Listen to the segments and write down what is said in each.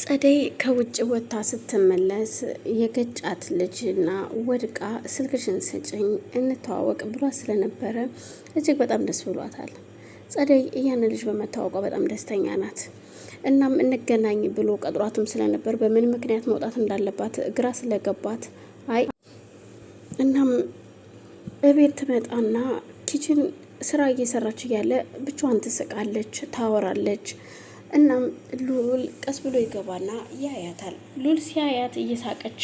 ጸደይ ከውጭ ወጥታ ስትመለስ የገጫት ልጅና ወድቃ ስልክሽን ስጭኝ እንተዋወቅ ብሏት ስለነበረ እጅግ በጣም ደስ ብሏታል። ጸደይ እያን ልጅ በመታወቋ በጣም ደስተኛ ናት። እናም እንገናኝ ብሎ ቀጥሯትም ስለነበር በምን ምክንያት መውጣት እንዳለባት ግራ ስለገባት አይ እናም እቤት ትመጣና ኪችን ስራ እየሰራች እያለ ብቻዋን ትስቃለች፣ ታወራለች። እናም ሉል ቀስ ብሎ ይገባና ያያታል። ሉል ሲያያት እየሳቀች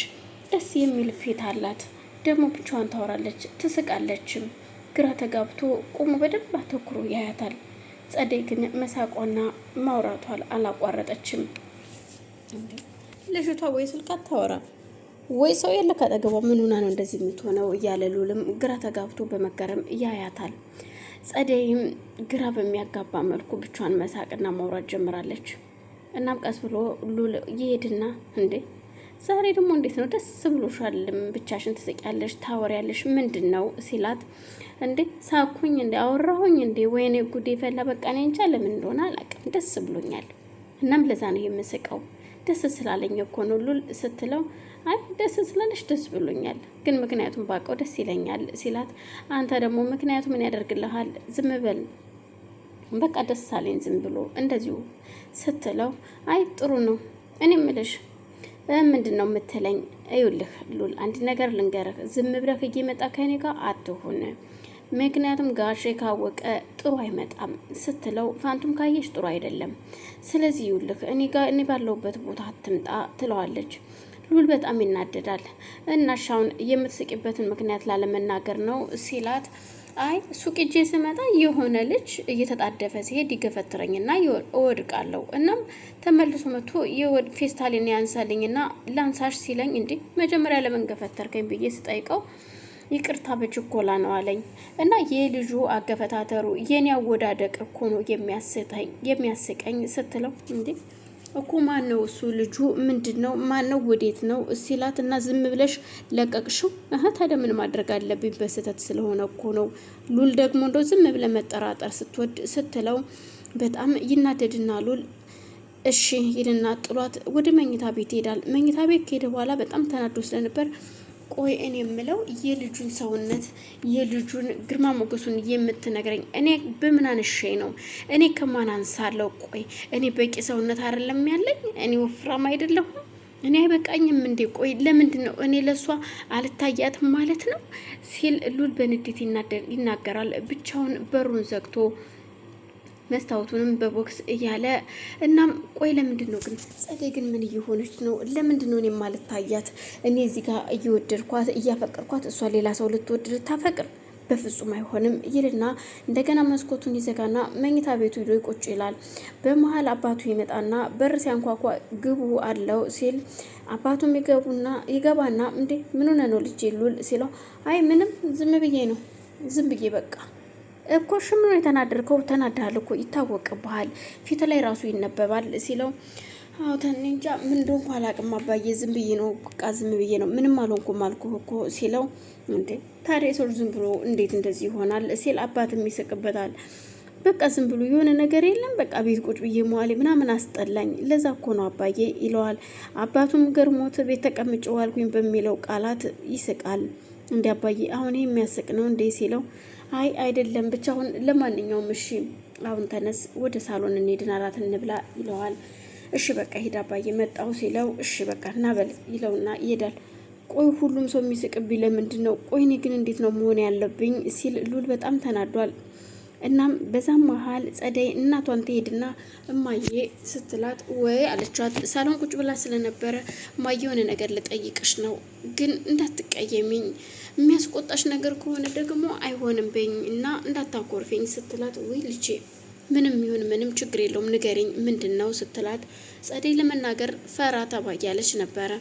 ደስ የሚል ፊት አላት። ደግሞ ብቻዋን ታወራለች፣ ትስቃለችም። ግራ ተጋብቶ ቆሞ በደንብ አተኩሮ ያያታል። ጸደይ ግን መሳቋና ማውራቷል አላቋረጠችም። ልጅቷ ወይ ስልክ አታወራ ወይ ሰው የለ ካጠገቧ፣ ምን ሆና ነው እንደዚህ የምትሆነው? እያለ ሉልም ግራ ተጋብቶ በመገረም ያያታል። ጸደይም ግራ በሚያጋባ መልኩ ብቻዋን መሳቅና ማውራት ጀምራለች። እናም ቀስ ብሎ ሉል ይሄድና እንዴ ዛሬ ደግሞ እንዴት ነው ደስ ብሎሻል? ብቻሽን ትስቂያለሽ፣ ታወሪያለሽ ምንድን ነው ሲላት፣ እንዴ ሳኩኝ እንዴ አወራሁኝ እንዴ ወይኔ ጉዴ ፈላ። በቃ እኔ እንጃ ለምን እንደሆነ አላውቅም፣ ደስ ብሎኛል። እናም ለዛ ነው የምስቀው ደስ ስላለኝ እኮ ነው ሉል ስትለው አይ ደስ ስላለሽ ደስ ብሎኛል፣ ግን ምክንያቱም ባውቀው ደስ ይለኛል ሲላት፣ አንተ ደግሞ ምክንያቱ ምን ያደርግልሃል? ዝም በል በቃ ደስ ሳለኝ ዝም ብሎ እንደዚሁ ስትለው፣ አይ ጥሩ ነው። እኔ ምልሽ ምንድን ነው የምትለኝ? እዩልህ ሉል አንድ ነገር ልንገርህ፣ ዝም ብለህ እየመጣ ከኔ ጋር አትሁን ምክንያቱም ጋሼ ካወቀ ጥሩ አይመጣም ስትለው፣ ፋንቱም ካየሽ ጥሩ አይደለም። ስለዚህ ይውልህ እኔ ጋር እኔ ባለሁበት ቦታ አትምጣ ትለዋለች። ሉል በጣም ይናደዳል። እናሻውን የምትስቂበትን ምክንያት ላለመናገር ነው ሲላት አይ ሱቅ እጄ ስመጣ የሆነ ልጅ እየተጣደፈ ሲሄድ ይገፈትረኝና እወድቃለሁ። እናም ተመልሶ መጥቶ የወድ ፌስታሌን ያንሳልኝና ላንሳሽ ሲለኝ እንዴ መጀመሪያ ለምን ገፈተርከኝ ብዬ ስጠይቀው ይቅርታ በችኮላ ነው አለኝ እና የልጁ አገፈታተሩ የኔ አወዳደቅ እኮ ነው የሚያስቀኝ ስትለው እንዴ እኮ ማን ነው እሱ ልጁ ምንድን ነው ማን ነው ወዴት ነው ሲላት እና ዝም ብለሽ ለቀቅሽው አሀ ታዲያ ምን ማድረግ አለብኝ በስህተት ስለሆነ እኮ ነው ሉል ደግሞ እንደው ዝም ብለ መጠራጠር ስትወድ ስትለው በጣም ይናደድና ሉል እሺ ሂድና ጥሏት ወደ መኝታ ቤት ይሄዳል መኝታ ቤት ከሄደ በኋላ በጣም ተናዶ ስለነበር ቆይ እኔ የምለው የልጁን ሰውነት የልጁን ግርማ ሞገሱን የምትነግረኝ እኔ በምን አንሼ ነው? እኔ ከማን አንሳለው? ቆይ እኔ በቂ ሰውነት አይደለም ያለኝ? እኔ ወፍራም አይደለሁም? እኔ አይበቃኝም እንዴ? ቆይ ለምንድን ነው እኔ ለእሷ አልታያትም ማለት ነው? ሲል ሉል በንዴት ይናገራል። ብቻውን በሩን ዘግቶ መስታወቱንም በቦክስ እያለ እናም ቆይ ለምንድን ነው ግን ጸደይ ግን ምን እየሆነች ነው? ለምንድን ነው እኔ ማልታያት? እኔ እዚህ ጋር እየወደድኳት እያፈቅርኳት እሷ ሌላ ሰው ልትወድድ ታፈቅር በፍጹም አይሆንም ይልና እንደገና መስኮቱን ይዘጋና መኝታ ቤቱ ሂዶ ይቆጭ ይላል። በመሀል አባቱ ይመጣና በር ሲያንኳኳ ግቡ አለው ሲል አባቱም ይገቡና ይገባና እንዴ ምን ሆነ ነው ልጅ ይሉል ሲለው አይ ምንም ዝም ብዬ ነው ዝም ብዬ በቃ እኮ ሽም ነው የተናደርከው፣ ተናዳል እኮ ይታወቅብሃል፣ ፊት ላይ ራሱ ይነበባል ሲለው አዎ እንጃ ምን እንደሆንኩ አላቅም አባዬ፣ ዝም ብዬ ነው ቃ ዝም ብዬ ነው ምንም አልሆንኩም አልኩህ እኮ ሲለው፣ እንዴ ታዲያ ሰው ዝም ብሎ እንዴት እንደዚህ ይሆናል ሲል አባትም ይስቅበታል። በቃ ዝም ብሎ የሆነ ነገር የለም በቃ ቤት ቁጭ ብዬ መዋሌ ምናምን አስጠላኝ፣ ለዛ እኮ ነው አባዬ ይለዋል። አባቱም ገርሞት ቤት ተቀምጬ ዋልኩኝ በሚለው ቃላት ይስቃል። እንዲ አባዬ አሁን የሚያስቅ ነው እንዴ ሲለው አይ አይደለም ብቻ አሁን ለማንኛውም እሺ አሁን ተነስ ወደ ሳሎን እንሄድና እንብላ ይለዋል። እሺ በቃ ሂድ አባዬ መጣሁ ሲለው እሺ በቃ እናበል ይለውና ይሄዳል። ቆይ ሁሉም ሰው የሚስቅብኝ ለምንድን ነው? ቆይ እኔ ግን እንዴት ነው መሆን ያለብኝ ሲል ሉል በጣም ተናዷል። እናም በዛም መሀል ጸደይ እናቷን ትሄድና እማዬ ስትላት ወይ አለቻት። ሳሎን ቁጭ ብላ ስለነበረ እማዬ የሆነ ነገር ልጠይቅሽ ነው፣ ግን እንዳትቀየሚኝ፣ የሚያስቆጣሽ ነገር ከሆነ ደግሞ አይሆንም በኝ እና እንዳታኮርፌኝ ስትላት ወይ ልጄ ምንም ይሁን ምንም ችግር የለውም ንገሪኝ፣ ምንድን ነው ስትላት ጸደይ ለመናገር ፈራ ተባያለች ነበረ።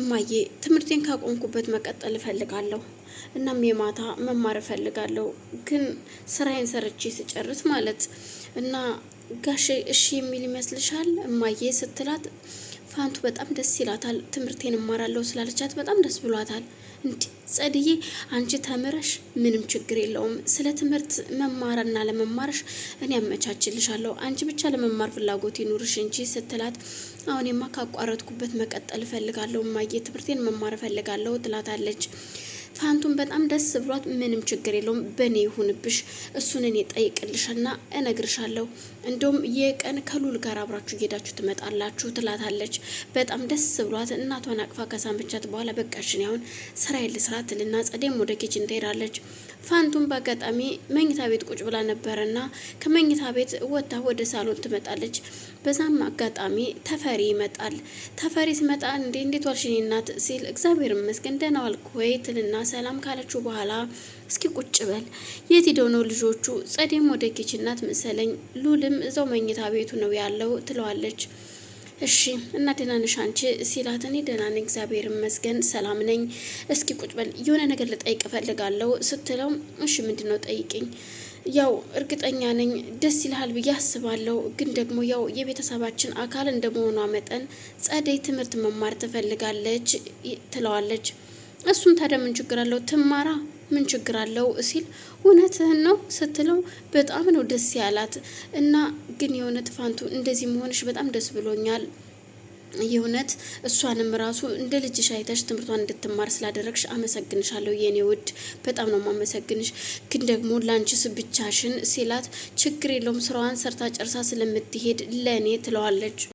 እማዬ ትምህርቴን ካቆምኩበት መቀጠል እፈልጋለሁ እናም የማታ መማር እፈልጋለሁ ግን ስራዬን ሰርቼ ስጨርስ ማለት እና ጋሽ እሺ የሚል ይመስልሻል እማዬ ስትላት ፋንቱ በጣም ደስ ይላታል። ትምህርቴን እማራለሁ ስላለቻት በጣም ደስ ብሏታል። እንዲ ጸድዬ አንቺ ተምረሽ ምንም ችግር የለውም። ስለ ትምህርት መማርና ለመማርሽ እኔ አመቻችልሻለሁ። አንቺ ብቻ ለመማር ፍላጎት ይኑርሽ እንጂ ስትላት አሁን የማ ካቋረጥኩበት መቀጠል እፈልጋለሁ እማዬ፣ ትምህርቴን መማር እፈልጋለሁ ትላታለች። ፋንቱን በጣም ደስ ብሏት ምንም ችግር የለውም በእኔ ይሁንብሽ፣ እሱን እኔ ጠይቅልሽና እነግርሻለሁ። እንዲሁም የቀን ከሉል ጋር አብራችሁ እየሄዳችሁ ትመጣላችሁ ትላታለች። በጣም ደስ ብሏት እናቷን አቅፋ ከሳምቻት በኋላ በቃሽን ያሁን የል ስራ ትልና ጸደም ወደ ኬችን ትሄዳለች። ፋንቱም በአጋጣሚ መኝታ ቤት ቁጭ ብላ ነበረና ከመኝታ ቤት ወጥታ ወደ ሳሎን ትመጣለች። በዛም አጋጣሚ ተፈሪ ይመጣል። ተፈሪ ሲመጣ እንዴ እንዴት ዋልሽ የኔ እናት ሲል እግዚአብሔር ይመስገን ደህና ዋልክ ወይ ትልና ሰላም ካለችው በኋላ እስኪ ቁጭ በል የት ሄደው ነው ልጆቹ? ጸዴም ወደ ኪችን እናት መሰለኝ፣ ሉልም እዛው መኝታ ቤቱ ነው ያለው ትለዋለች። እሺ እና ደህና ነሽ አንቺ ሲላት፣ እኔ ደህና ነኝ እግዚአብሔር ይመስገን ሰላም ነኝ። እስኪ ቁጭ በል የሆነ ነገር ልጠይቅ እፈልጋለሁ ስትለው፣ እሺ ምንድን ነው ጠይቅኝ ያው እርግጠኛ ነኝ ደስ ይልሃል ብዬ አስባለሁ። ግን ደግሞ ያው የቤተሰባችን አካል እንደመሆኗ መጠን ጸደይ ትምህርት መማር ትፈልጋለች ትለዋለች። እሱም ታዲያ ምን ችግር አለው ትማራ፣ ምን ችግር አለው ሲል እውነትህን ነው ስትለው በጣም ነው ደስ ያላት እና ግን የእውነት ፋንቱ እንደዚህ መሆንሽ በጣም ደስ ብሎኛል የእውነት እሷንም ራሱ እንደ ልጅሽ አይተሽ ትምህርቷን እንድትማር ስላደረግሽ አመሰግንሻለሁ የኔ ውድ፣ በጣም ነው ማመሰግንሽ። ግን ደግሞ ላንቺስ ብቻሽን ሲላት ችግር የለውም ስራዋን ሰርታ ጨርሳ ስለምትሄድ ለእኔ ትለዋለች።